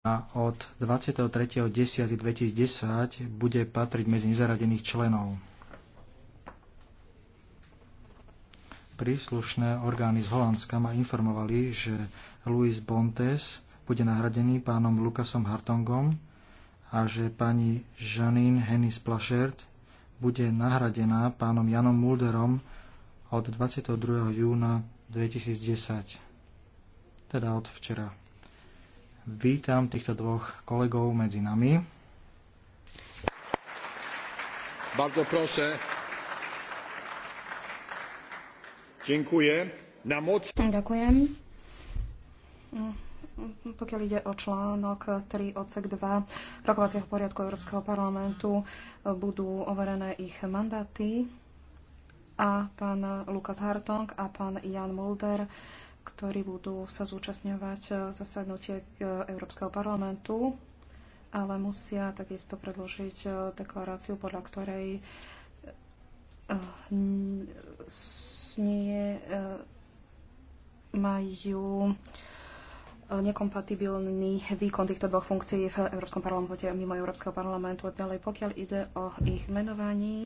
a od 23.10.2010 bude patriť medzi nezaradených členov. Príslušné orgány z Holandska ma informovali, že Luis Bontes bude nahradený pánom Lukasom Hartongom a že pani Janine Hennis Plašert bude nahradená pánom Janom Mulderom od 22. júna 2010, teda od včera. Vítam týchto dvoch kolegov medzi nami. Bardzo proszę. Dziękuję. Na moc... Ďakujem. Pokiaľ ide o článok 3 odsek 2 rokovacieho poriadku Európskeho parlamentu, budú overené ich mandáty a pán Lukas Hartong a pán Jan Mulder ktorí budú sa zúčastňovať e, zasadnutie e, Európskeho parlamentu, ale musia takisto predložiť e, deklaráciu, podľa ktorej nie majú nekompatibilný výkon týchto dvoch funkcií v Európskom parlamente a mimo Európskeho parlamentu. Ďalej, pokiaľ ide o ich menovanie,